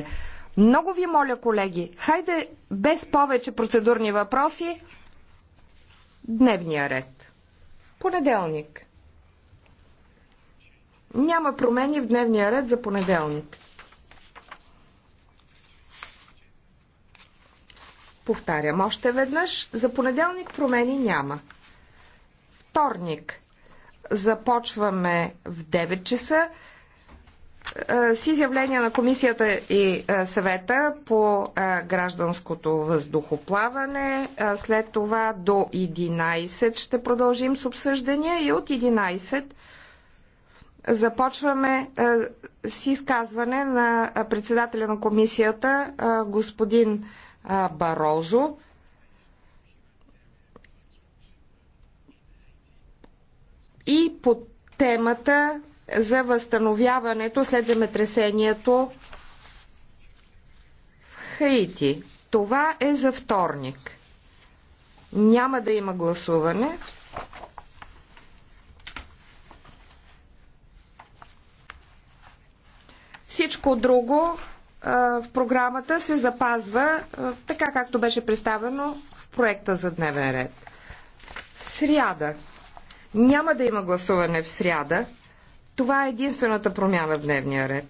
после. Много ви моля, колеги, хайде без повече процедурни въпроси. Дневния ред. Понеделник. Няма промени в дневния ред за понеделник. Повтарям още веднъж. За понеделник промени няма. Вторник. Започваме в 9 часа. Е, с изявления на комисията и е, съвета по е, гражданското въздухоплаване. След това до 11 ще продължим с обсъждания и от 11 започваме с изказване на председателя на комисията господин Барозо. И по темата за възстановяването след земетресението в Хаити. Това е за вторник. Няма да има гласуване. Всичко друго в програмата се запазва така както беше представено в проекта за дневен ред. Сряда. Няма да има гласуване в сряда. Това е единствената промяна в дневния ред.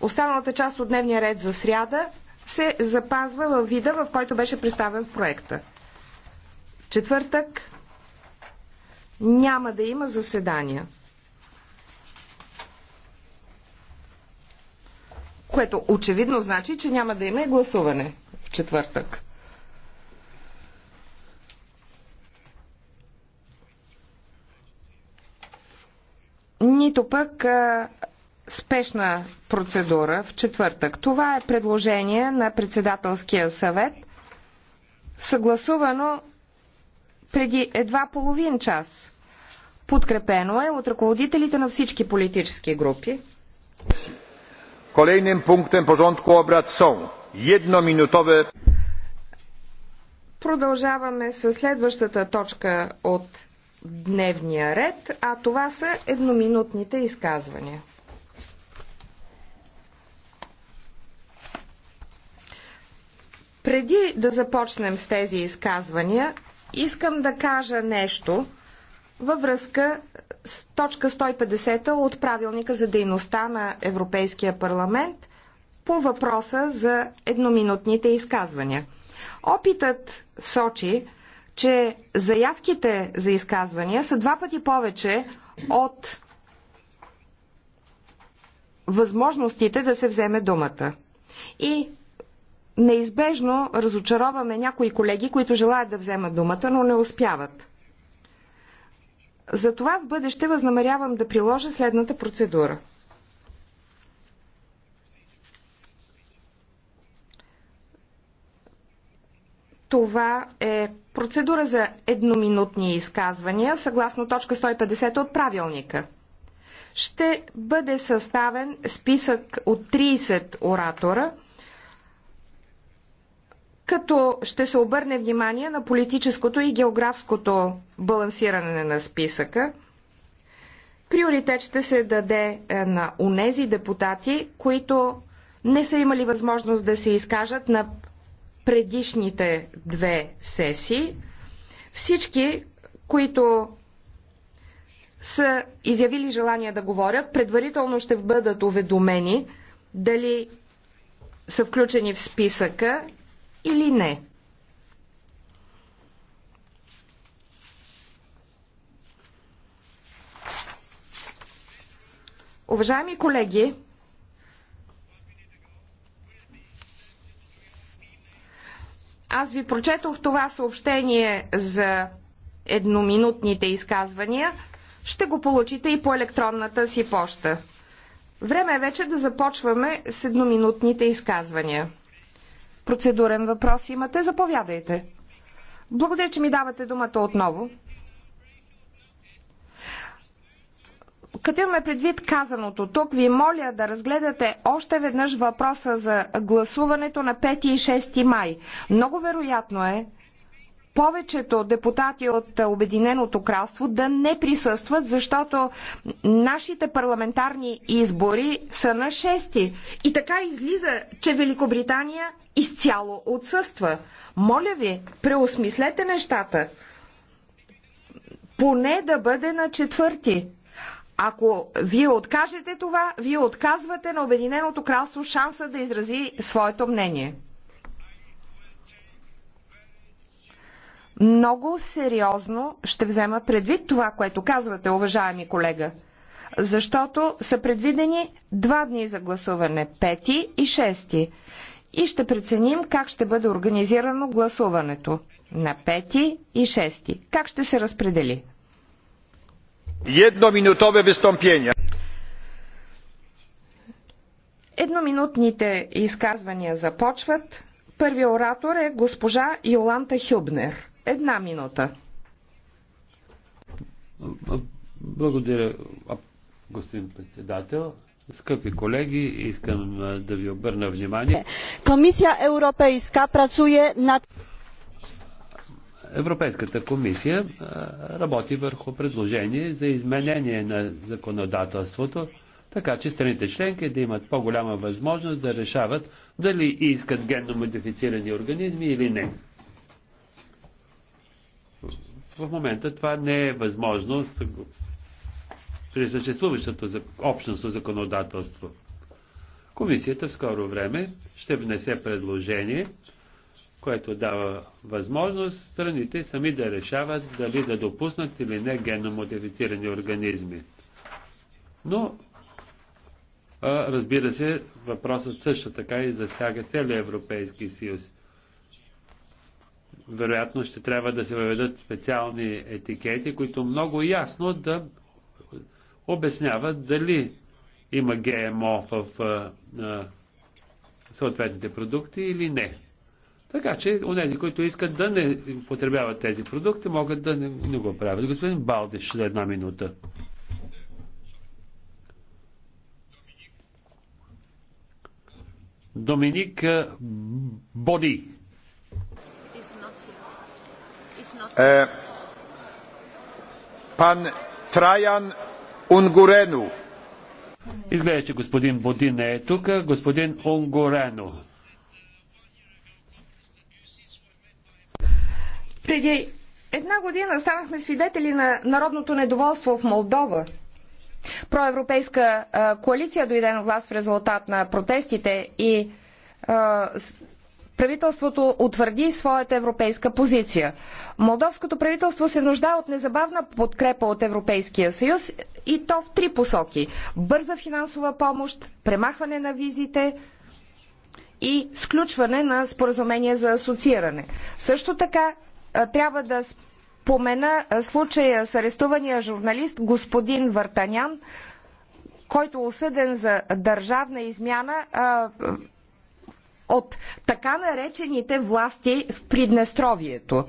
Останалата част от дневния ред за сряда се запазва във вида, в който беше представен в проекта. В четвъртък няма да има заседания. Което очевидно значи, че няма да има и гласуване в четвъртък. нито пък а, спешна процедура в четвъртък. Това е предложение на председателския съвет, съгласувано преди едва половин час. Подкрепено е от ръководителите на всички политически групи. Kolejnym punktem porządku обрат са едноминутове. Продължаваме с следващата точка от дневния ред, а това са едноминутните изказвания. Преди да започнем с тези изказвания, искам да кажа нещо във връзка с точка 150 от правилника за дейността на Европейския парламент по въпроса за едноминутните изказвания. Опитът сочи, че заявките за изказвания са два пъти повече от възможностите да се вземе думата. И неизбежно разочароваме някои колеги, които желаят да вземат думата, но не успяват. Затова в бъдеще възнамерявам да приложа следната процедура – Това е процедура за едноминутни изказвания, съгласно точка 150 от правилника. Ще бъде съставен списък от 30 оратора, като ще се обърне внимание на политическото и географското балансиране на списъка. Приоритет ще се даде е, на унези депутати, които не са имали възможност да се изкажат на предишните две сесии. Всички, които са изявили желание да говорят, предварително ще бъдат уведомени дали са включени в списъка или не. Уважаеми колеги, Аз ви прочетох това съобщение за едноминутните изказвания. Ще го получите и по електронната си поща. Време е вече да започваме с едноминутните изказвания. Процедурен въпрос имате? Заповядайте. Благодаря, че ми давате думата отново. Като имаме предвид казаното тук, ви моля да разгледате още веднъж въпроса за гласуването на 5 и 6 май. Много вероятно е повечето депутати от Обединеното кралство да не присъстват, защото нашите парламентарни избори са на 6. И така излиза, че Великобритания изцяло отсъства. Моля ви, преосмислете нещата. Поне да бъде на четвърти. Ако вие откажете това, вие отказвате на Обединеното кралство шанса да изрази своето мнение. Много сериозно ще взема предвид това, което казвате, уважаеми колега, защото са предвидени два дни за гласуване, пети и шести. И ще преценим как ще бъде организирано гласуването на пети и шести. Как ще се разпредели? Едноминутове выступления. Едноминутните изказвания започват. Първият оратор е госпожа Йоланта Хюбнер. Една минута. Благодаря, господин председател. Скъпи колеги, искам да ви обърна внимание. Комисия Европейска працуе над Европейската комисия работи върху предложение за изменение на законодателството, така че страните членки да имат по-голяма възможност да решават дали искат генно модифицирани организми или не. В момента това не е възможно при съществуващото общностно законодателство. Комисията в скоро време ще внесе предложение което дава възможност страните сами да решават дали да допуснат или не генномодифицирани организми. Но, разбира се, въпросът също така и засяга целия Европейски съюз. Вероятно ще трябва да се въведат специални етикети, които много ясно да обясняват дали има ГМО в съответните продукти или не. Така че онези, които искат да не потребяват тези продукти, могат да не, не го правят. Господин Балдиш, за една минута. Доминик Боди. Е, пан Траян Унгурену. Изглежда, че господин Боди не е тук. Господин Унгурену. Преди една година станахме свидетели на народното недоволство в Молдова. Проевропейска коалиция дойде на власт в резултат на протестите и правителството утвърди своята европейска позиция. Молдовското правителство се нуждае от незабавна подкрепа от Европейския съюз и то в три посоки. Бърза финансова помощ, премахване на визите и сключване на споразумение за асоцииране. Също така трябва да спомена случая с арестувания журналист господин Вартанян, който е осъден за държавна измяна от така наречените власти в Приднестровието.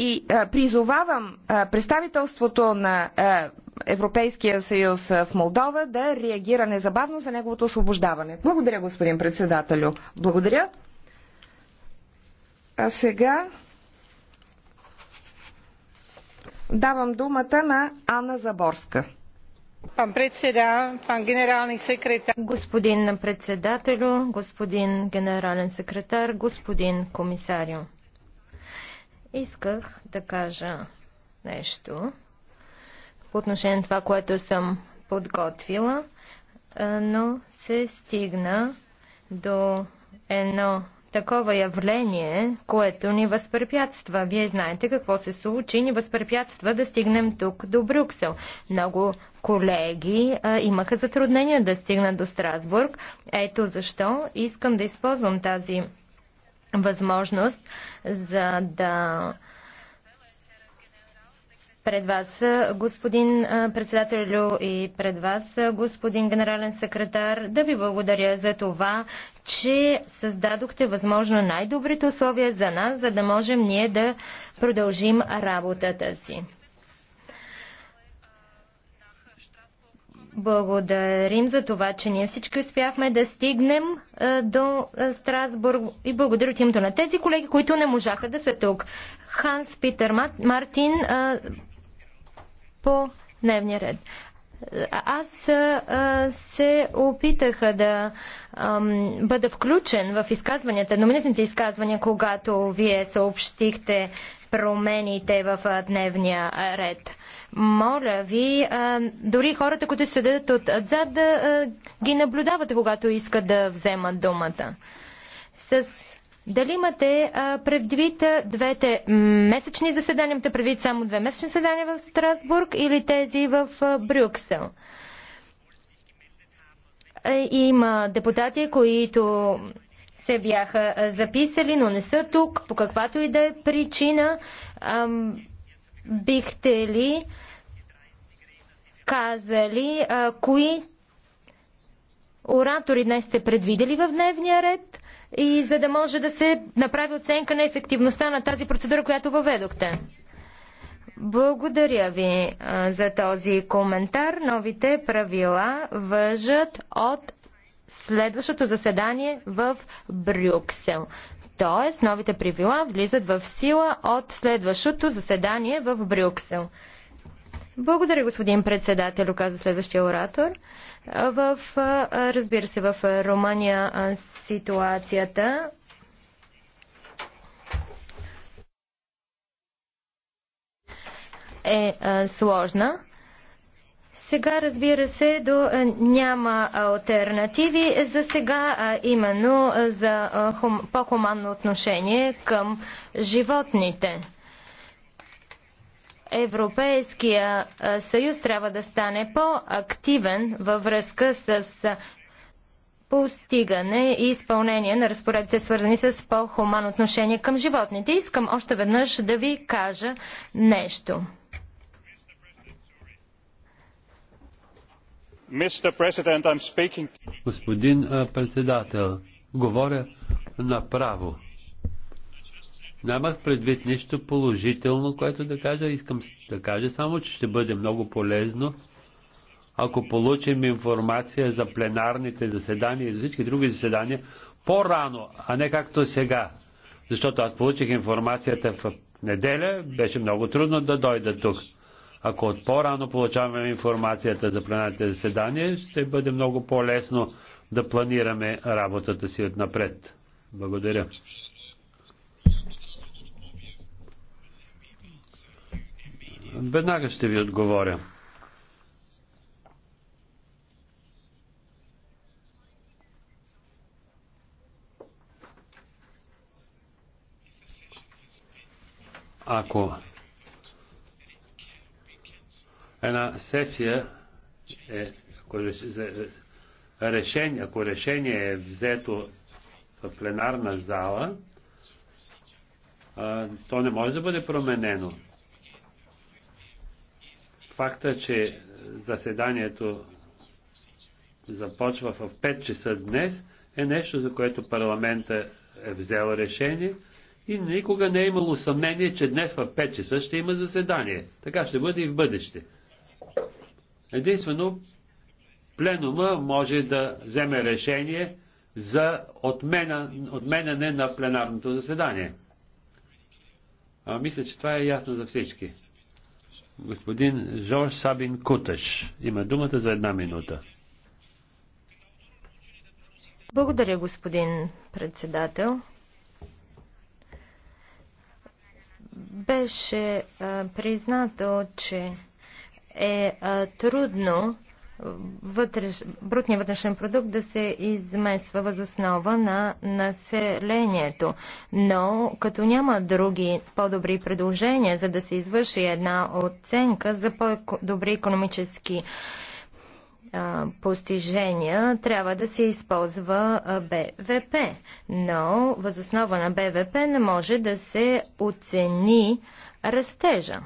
И а, призовавам а, представителството на а, Европейския съюз в Молдова да реагира незабавно за неговото освобождаване. Благодаря, господин председателю. Благодаря. А сега давам думата на Анна Заборска. Пан председа, пан генерален секретар. Господин председателю, господин генерален секретар, господин комисарио. Исках да кажа нещо по отношение на това, което съм подготвила, но се стигна до едно такова явление, което ни възпрепятства. Вие знаете какво се случи, ни възпрепятства да стигнем тук до Брюксел. Много колеги а, имаха затруднения да стигнат до Страсбург. Ето защо искам да използвам тази възможност, за да пред вас, господин председателю и пред вас, господин генерален секретар, да ви благодаря за това, че създадохте възможно най-добрите условия за нас, за да можем ние да продължим работата си. Благодарим за това, че ние всички успяхме да стигнем а, до а, Страсбург и благодаря от името на тези колеги, които не можаха да са тук. Ханс Питер Мартин а, по дневния ред. Аз а, се опитаха да ам, бъда включен в изказванията, номинатните изказвания, когато вие съобщихте промените в дневния ред. Моля ви, а, дори хората, които седят отзад, да а, ги наблюдавате, когато искат да вземат думата. С дали имате а, предвид двете месечни заседания, имате предвид само две месечни заседания в Страсбург или тези в а, Брюксел? Има депутати, които се бяха записали, но не са тук, по каквато и да е причина. бихте ли казали а, кои оратори днес сте предвидели в дневния ред? и за да може да се направи оценка на ефективността на тази процедура, която въведохте. Благодаря ви за този коментар. Новите правила въжат от следващото заседание в Брюксел. Тоест, новите правила влизат в сила от следващото заседание в Брюксел. Благодаря, господин председател, каза следващия оратор. В, разбира се, в Румъния ситуацията е сложна. Сега, разбира се, до, няма альтернативи. За сега а, именно за хум, по-хуманно отношение към животните. Европейския съюз трябва да стане по-активен във връзка с постигане и изпълнение на разпоредите, свързани с по-хуман отношение към животните. Искам още веднъж да ви кажа нещо. Господин председател, говоря направо. Нямах предвид нищо положително, което да кажа. Искам да кажа само, че ще бъде много полезно, ако получим информация за пленарните заседания и за всички други заседания по-рано, а не както сега. Защото аз получих информацията в неделя, беше много трудно да дойда тук. Ако от по-рано получаваме информацията за пленарните заседания, ще бъде много по-лесно да планираме работата си отнапред. Благодаря. Веднага ще ви отговоря. Ако една сесия е, ако е, е, решение, ако решение е взето в пленарна зала, то не може да бъде променено факта, че заседанието започва в 5 часа днес, е нещо, за което парламента е взел решение и никога не е имало съмнение, че днес в 5 часа ще има заседание. Така ще бъде и в бъдеще. Единствено, пленума може да вземе решение за отмена, отменяне на пленарното заседание. А, мисля, че това е ясно за всички. Господин Жорж Сабин Куташ има думата за една минута. Благодаря, господин председател. Беше а, признато, че е а, трудно вътреш, брутния вътрешен продукт да се измества възоснова на населението. Но като няма други по-добри предложения, за да се извърши една оценка за по-добри економически постижения трябва да се използва БВП, но възоснова на БВП не може да се оцени растежа.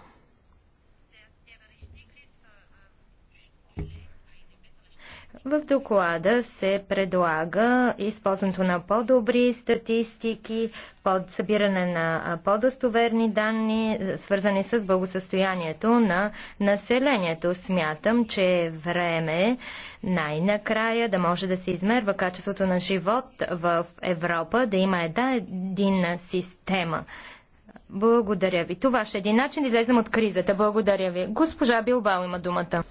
В доклада се предлага използването на по-добри статистики, под събиране на по-достоверни данни, е, свързани с благосъстоянието на населението. Смятам, че е време най-накрая да може да се измерва качеството на живот в Европа, да има една единна система. Благодаря ви. Това ще е един начин да излезем от кризата. Благодаря ви. Госпожа Билбао има думата.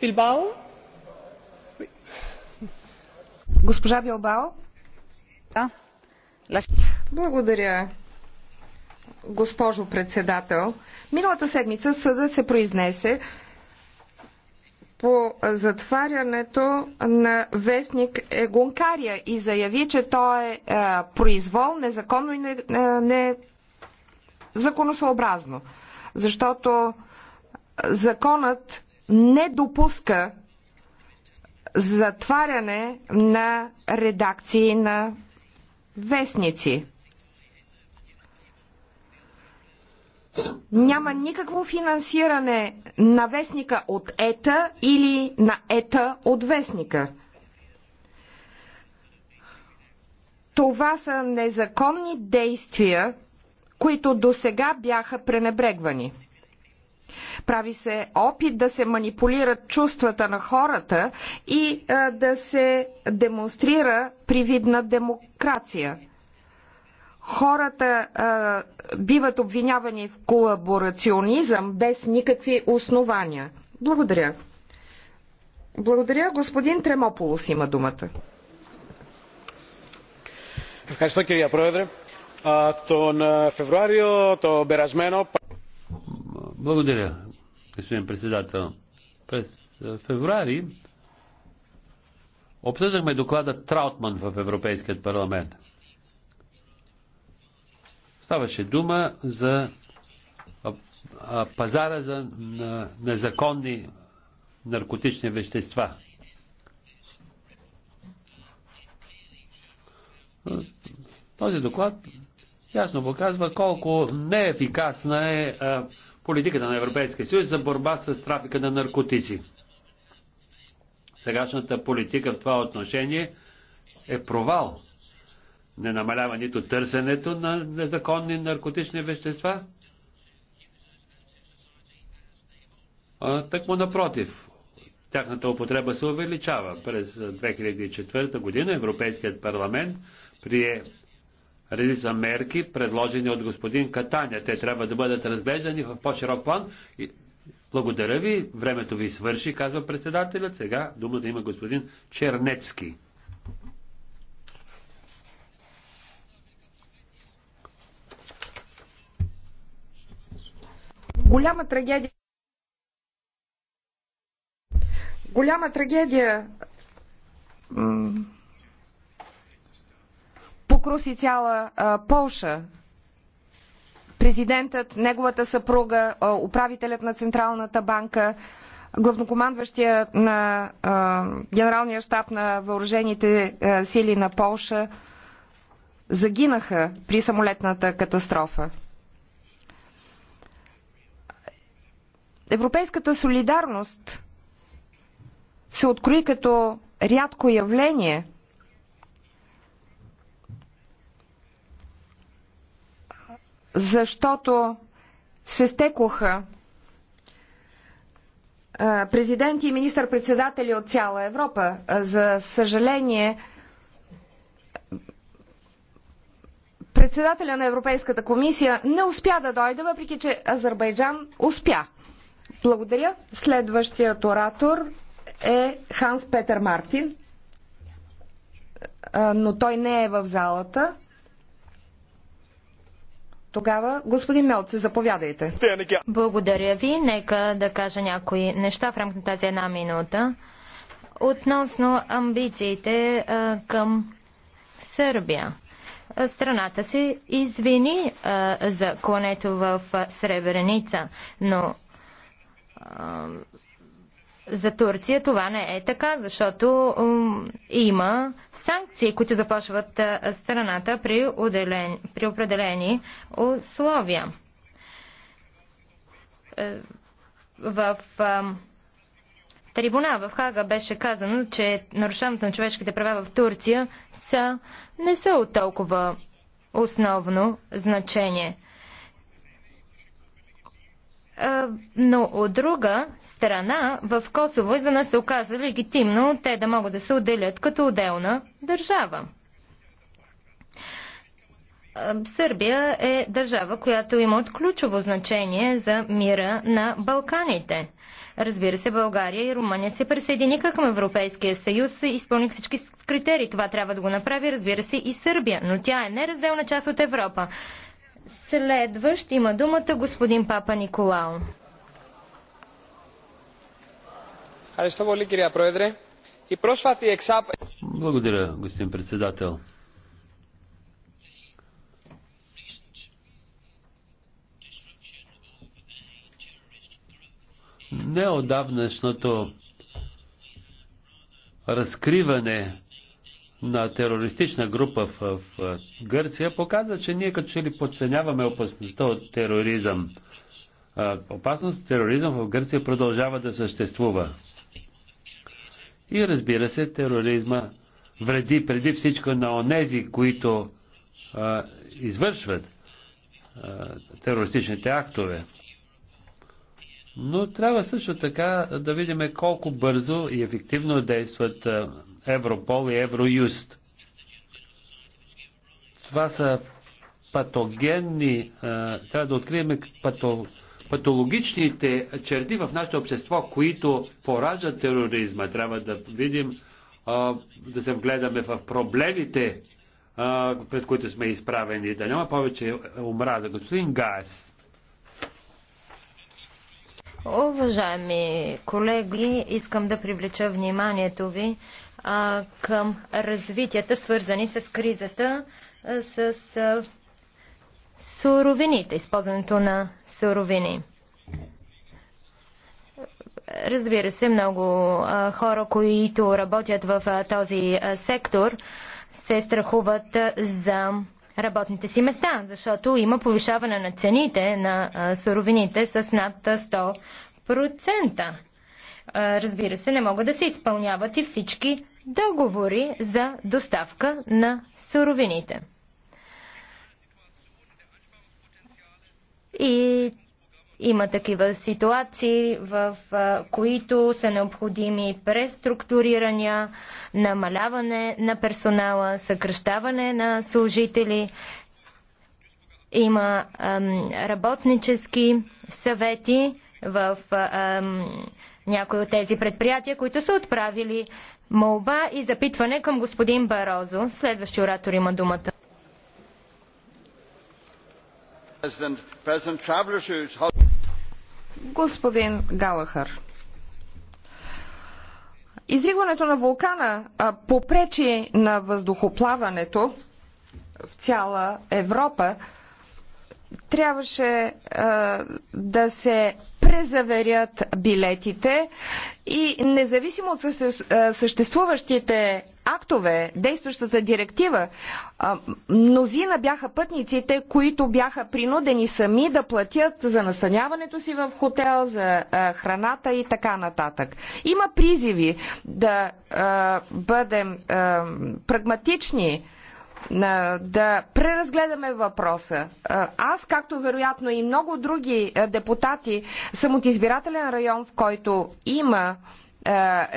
Билбао? Госпожа Билбао? Благодаря, госпожо председател. Миналата седмица съдът се произнесе по затварянето на вестник Гонкария и заяви, че то е, е произвол, незаконно и незаконосъобразно. Е, защото законът не допуска затваряне на редакции на вестници. Няма никакво финансиране на вестника от ета или на ета от вестника. Това са незаконни действия, които до сега бяха пренебрегвани. Прави се опит да се манипулират чувствата на хората и а, да се демонстрира привидна демокрация. Хората а, биват обвинявани в колаборационизъм без никакви основания. Благодаря. Благодаря. Господин Тремополос има думата. Ευχαριστώ κυρία Πρόεδρε. Τον Φεβρουάριο, το περασμένο... Благодаря господин председател. През февруари обсъждахме доклада Траутман в Европейският парламент. Ставаше дума за пазара за незаконни наркотични вещества. Този доклад ясно показва колко неефикасна е политиката на Европейския съюз за борба с трафика на наркотици. Сегашната политика в това отношение е провал. Не намалява нито търсенето на незаконни наркотични вещества. А, так му напротив, тяхната употреба се увеличава. През 2004 година Европейският парламент прие редица мерки, предложени от господин Катаня. Те трябва да бъдат разглеждани в по-широк план. Благодаря ви, времето ви свърши, казва председателят. Сега думата да има господин Чернецки. Голяма трагедия. Голяма трагедия Кокрус и цяла а, Полша. Президентът, неговата съпруга, а, управителят на Централната банка, главнокомандващия на а, Генералния щаб на въоръжените а, сили на Полша загинаха при самолетната катастрофа. Европейската солидарност се открои като рядко явление – защото се стекоха президенти и министър-председатели от цяла Европа. За съжаление, председателя на Европейската комисия не успя да дойде, въпреки че Азербайджан успя. Благодаря. Следващият оратор е Ханс Петър Мартин, но той не е в залата. Тогава, господин Мелце, заповядайте. Благодаря ви. Нека да кажа някои неща в рамките на тази една минута. Относно амбициите а, към Сърбия. Страната се извини а, за клането в Сребреница, но за Турция това не е така, защото има санкции, които започват страната при, отделен, при определени условия. Е, в трибуна в Хага беше казано, че нарушаването на човешките права в Турция са, не са от толкова основно значение но от друга страна в Косово изведнъж се оказа легитимно те да могат да се отделят като отделна държава. Сърбия е държава, която има от ключово значение за мира на Балканите. Разбира се, България и Румъния се присъединиха към Европейския съюз и изпълних всички критерии. Това трябва да го направи, разбира се, и Сърбия, но тя е неразделна част от Европа. Следващ има думата господин Папа Николао. Благодаря, господин председател. Неодавнашното разкриване на терористична група в, в Гърция показва, че ние като че ли подценяваме опасността от тероризъм. Опасност от тероризъм в Гърция продължава да съществува. И разбира се, тероризма вреди преди всичко на онези, които а, извършват а, терористичните актове. Но трябва също така да видим колко бързо и ефективно действат а, Европол и Евроюст. Това са патогенни, трябва да открием пато, патологичните черти в нашето общество, които пораждат тероризма. Трябва да видим, да се вгледаме в проблемите, пред които сме изправени, да няма повече омраза. Господин Гайс. Уважаеми колеги, искам да привлеча вниманието ви а, към развитията, свързани с кризата, а, с а, суровините, използването на суровини. Разбира се, много а, хора, които работят в а, този а, сектор, се страхуват а, за работните си места, защото има повишаване на цените на суровините с над 100%. Разбира се, не могат да се изпълняват и всички договори за доставка на суровините. И има такива ситуации, в които са необходими преструктурирания, намаляване на персонала, съкръщаване на служители. Има ам, работнически съвети в ам, някои от тези предприятия, които са отправили молба и запитване към господин Барозо. Следващи оратор има думата. Господин Галахър, изригването на вулкана попречи на въздухоплаването в цяла Европа. Трябваше а, да се презаверят билетите и независимо от съществуващите актове, действащата директива, мнозина бяха пътниците, които бяха принудени сами да платят за настаняването си в хотел, за храната и така нататък. Има призиви да бъдем прагматични да преразгледаме въпроса. Аз, както вероятно и много други депутати, съм от избирателен район, в който има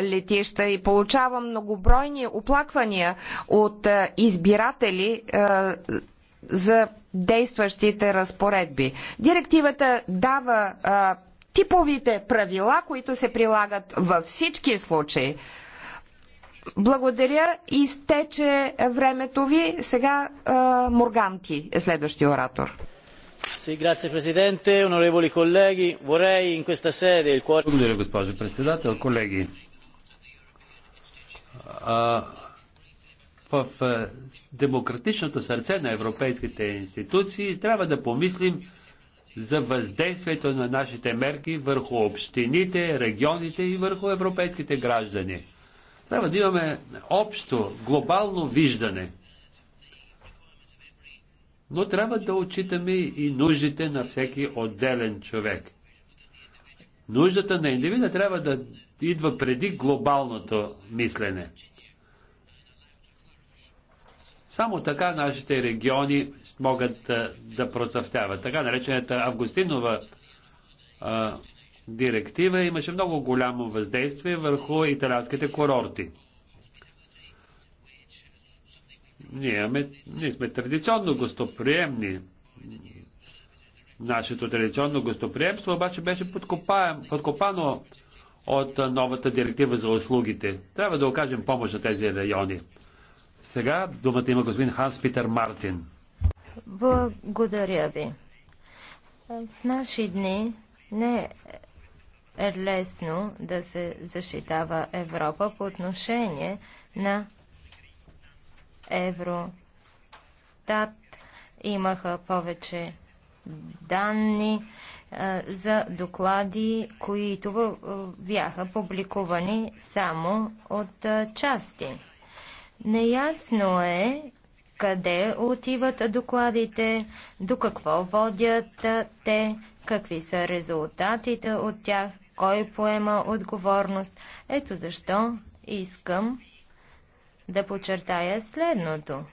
летища и получавам многобройни оплаквания от избиратели за действащите разпоредби. Директивата дава типовите правила, които се прилагат във всички случаи. Благодаря. Изтече времето ви. Сега а, Морганти е следващия оратор. Благодаря, госпожо председател. Колеги, а, в а, демократичното сърце на европейските институции трябва да помислим за въздействието на нашите мерки върху общините, регионите и върху европейските граждани трябва да имаме общо, глобално виждане. Но трябва да отчитаме и нуждите на всеки отделен човек. Нуждата на индивида трябва да идва преди глобалното мислене. Само така нашите региони могат да процъфтяват. Така наречената Августинова а, директива имаше много голямо въздействие върху италианските курорти. Ние, ме, ние сме традиционно гостоприемни. Нашето традиционно гостоприемство обаче беше подкопано от новата директива за услугите. Трябва да окажем помощ на тези райони. Сега думата има господин Ханс Питер Мартин. Благодаря ви. В наши дни не е лесно да се защитава Европа по отношение на Евростат. Имаха повече данни за доклади, които бяха публикувани само от части. Неясно е къде отиват докладите, до какво водят те, какви са резултатите от тях кой поема отговорност. Ето защо искам да подчертая следното.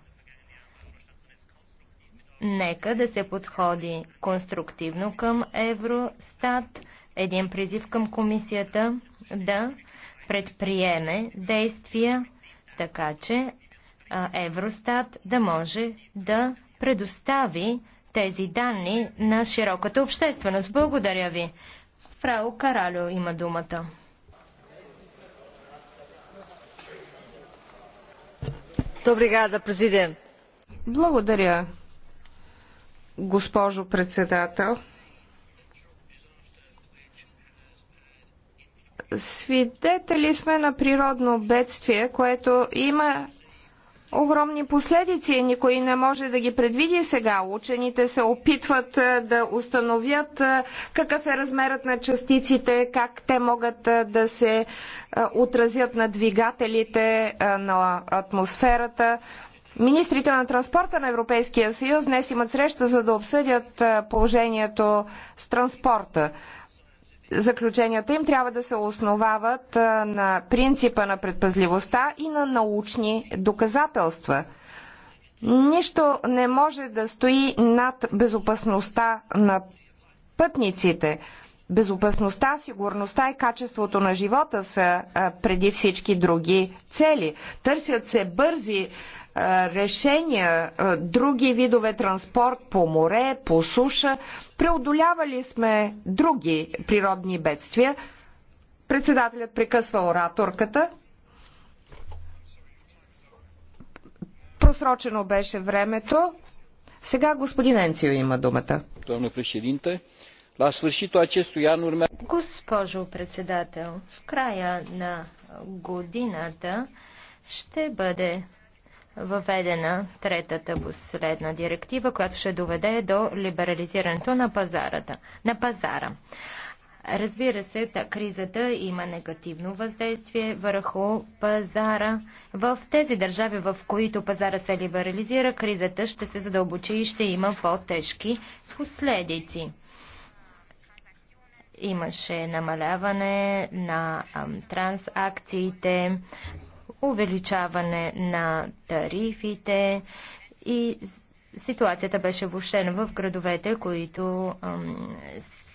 Нека да се подходи конструктивно към Евростат. Един призив към комисията да предприеме действия, така че Евростат да може да предостави тези данни на широката общественост. Благодаря ви. Фрао Каралю, има думата. Добригада, президент. Благодаря, госпожо председател. Свидетели сме на природно бедствие, което има огромни последици. Никой не може да ги предвиди сега. Учените се опитват е, да установят е, какъв е размерът на частиците, как те могат е, да се отразят на двигателите, на атмосферата. Министрите на транспорта на Европейския съюз днес имат среща, за да обсъдят положението с транспорта заключенията им трябва да се основават на принципа на предпазливостта и на научни доказателства. Нищо не може да стои над безопасността на пътниците. Безопасността, сигурността и качеството на живота са преди всички други цели. Търсят се бързи решения, други видове транспорт по море, по суша. Преодолявали сме други природни бедствия. Председателят прекъсва ораторката. Просрочено беше времето. Сега господин Енцио има думата. Госпожо председател, в края на годината ще бъде въведена третата последна директива, която ще доведе до либерализирането на, пазарата, на пазара. Разбира се, та кризата има негативно въздействие върху пазара. В тези държави, в които пазара се либерализира, кризата ще се задълбочи и ще има по-тежки последици. Имаше намаляване на трансакциите, увеличаване на тарифите и ситуацията беше влушена в градовете, които ам,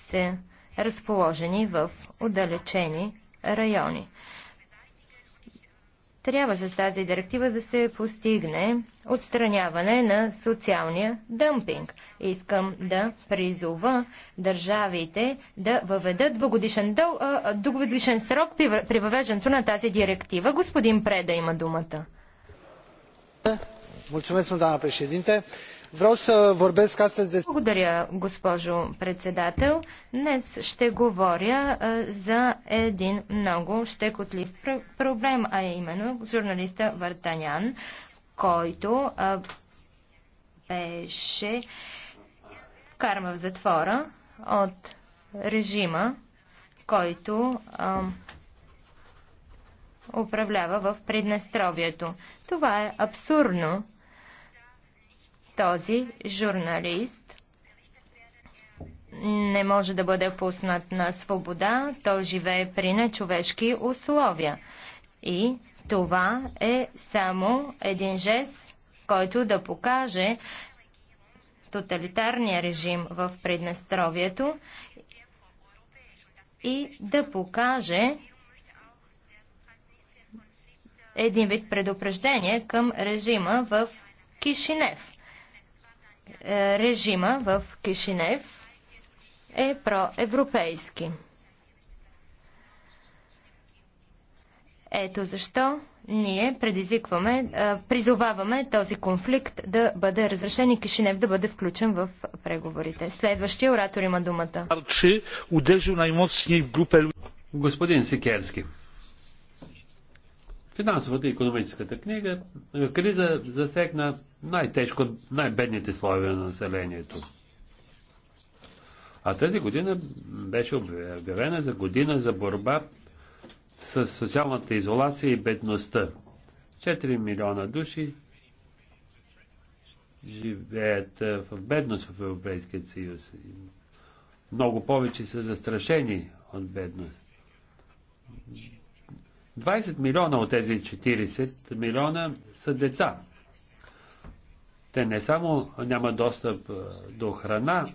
са разположени в отдалечени райони трябва с тази директива да се постигне отстраняване на социалния дъмпинг. Искам да призова държавите да въведат двогодишен, дъл, срок при въвеждането на тази директива. Господин Преда има думата. Mulțumesc, doamna președinte. Vreau să vorbesc astăzi despre... Благодаря, госпожо председател. Днес ще говоря за един много щекотлив проблем, а именно журналиста Вартанян, който беше вкарма в затвора от режима, който управлява в Приднестровието. Това е абсурдно този журналист не може да бъде пуснат на свобода, той живее при нечовешки условия. И това е само един жест, който да покаже тоталитарния режим в Приднестровието и да покаже един вид предупреждение към режима в Кишинев. Е, режима в Кишинев е проевропейски. Ето защо ние предизвикваме, е, призоваваме този конфликт да бъде разрешен и Кишинев да бъде включен в преговорите. Следващия оратор има думата. Господин Секерски. Финансовата и економическата книга, е, криза засегна най-тежко най-бедните слоеве на населението. А тази година беше обявена за година за борба с социалната изолация и бедността. 4 милиона души живеят е, в бедност в Европейския съюз. Много повече са застрашени от бедност. 20 милиона от тези 40 милиона са деца. Те не само няма достъп до храна,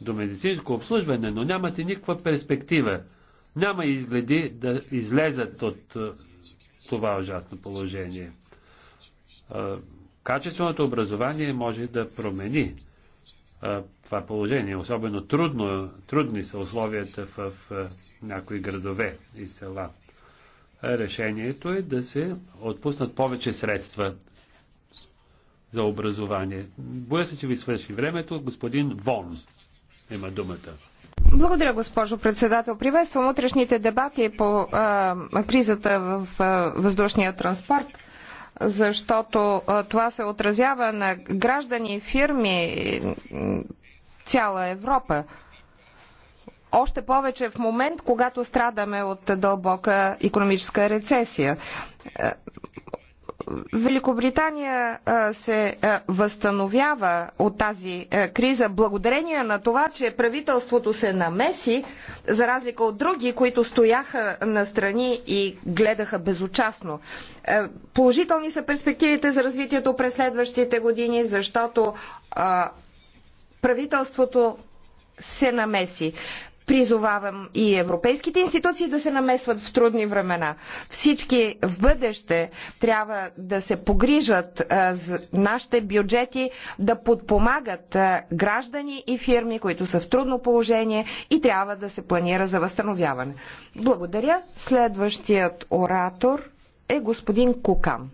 до медицинско обслужване, но нямат и никаква перспектива. Няма изгледи да излезат от това ужасно положение. Качественото образование може да промени това положение. Особено трудно, трудни са условията в някои градове и села решението е да се отпуснат повече средства за образование. Боя се, че ви свърши времето. Господин Вон има думата. Благодаря, госпожо председател. Приветствам утрешните дебати по а, кризата в а, въздушния транспорт, защото а, това се отразява на граждани, фирми, цяла Европа. Още повече в момент, когато страдаме от дълбока економическа рецесия. Е, Великобритания е, се е, възстановява от тази криза благодарение на това, че правителството се намеси, за разлика от други, които стояха на страни и гледаха безучастно. Положителни са перспективите за развитието през следващите години, защото правителството се намеси. Призовавам и европейските институции да се намесват в трудни времена. Всички в бъдеще трябва да се погрижат а, за нашите бюджети да подпомагат а, граждани и фирми, които са в трудно положение и трябва да се планира за възстановяване. Благодаря. Следващият оратор е господин Кукан.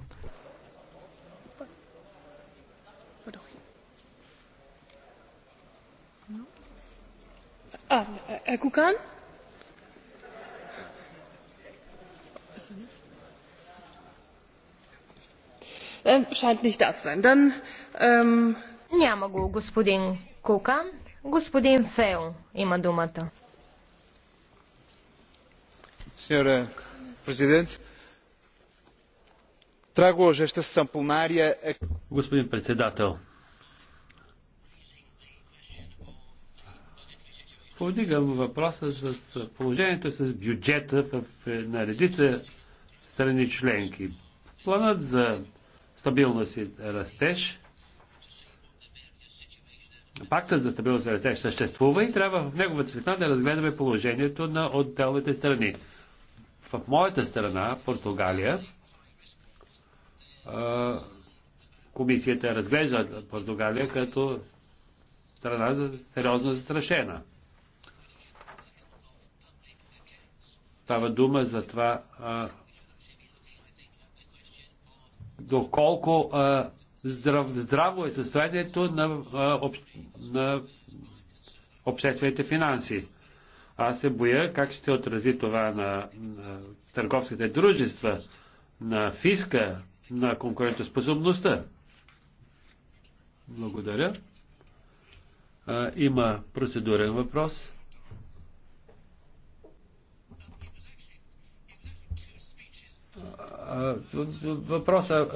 Ah, Herr Kukan? Scheint nicht da zu sein. Dann, ähm... Няма го господин Кукан. Господин Фео има думата. Senhora Presidente, trago hoje esta sessão plenária... Господин председател, Подигам въпроса с положението с бюджета в, е, на редица страни членки. Планът за стабилност и растеж, пактът за стабилност и растеж съществува и трябва в неговата светлина да разгледаме положението на отделните страни. В моята страна, Португалия, комисията разглежда Португалия като страна за сериозно застрашена. Става дума за това а, доколко а, здрав, здраво е състоянието на, а, об, на обществените финанси. Аз се боя как ще отрази това на, на търговските дружества, на фиска, на конкурентоспособността. Благодаря. А, има процедурен въпрос. въпроса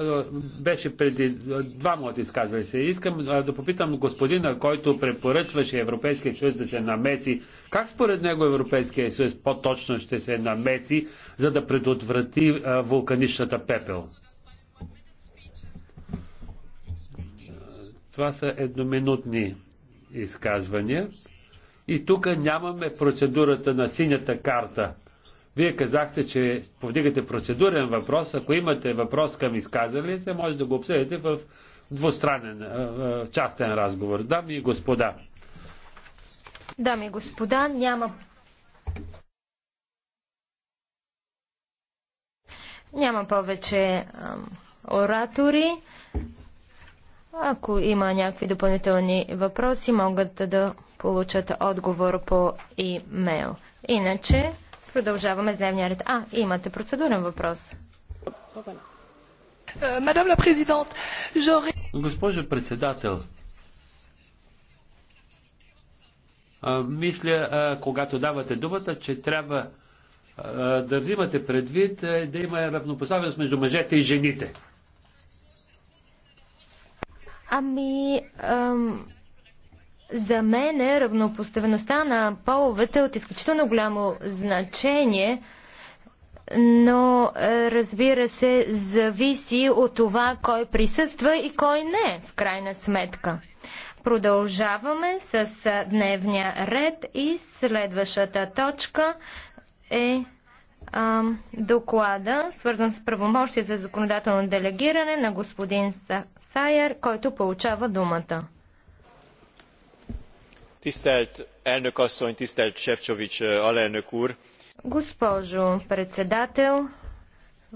беше преди двама от изказвали се. Искам да попитам господина, който препоръчваше Европейския съюз да се намеси. Как според него Европейския съюз по-точно ще се намеси, за да предотврати вулканичната пепел? Това са едноминутни изказвания. И тук нямаме процедурата на синята карта. Вие казахте, че повдигате процедурен въпрос. Ако имате въпрос към изказали се, може да го обсъдите в двустранен, частен разговор. Дами и господа. Дами и господа, няма Няма повече ам, оратори. Ако има някакви допълнителни въпроси, могат да получат отговор по имейл. Иначе Продължаваме с дневния ред. А, имате процедурен въпрос. Госпожо председател, а, мисля, а, когато давате думата, че трябва а, да взимате предвид да има равнопоставеност между мъжете и жените. Ами, ам, за мен е равнопоставеността на половете от изключително голямо значение, но е, разбира се, зависи от това кой присъства и кой не, в крайна сметка. Продължаваме с е, дневния ред и следващата точка е а, е, доклада, свързан с правомощие за законодателно делегиране на господин Сайер, който получава думата. Tisztelt elnök asszony, tisztelt Sefcovics alelnök úr! Госпожо председател,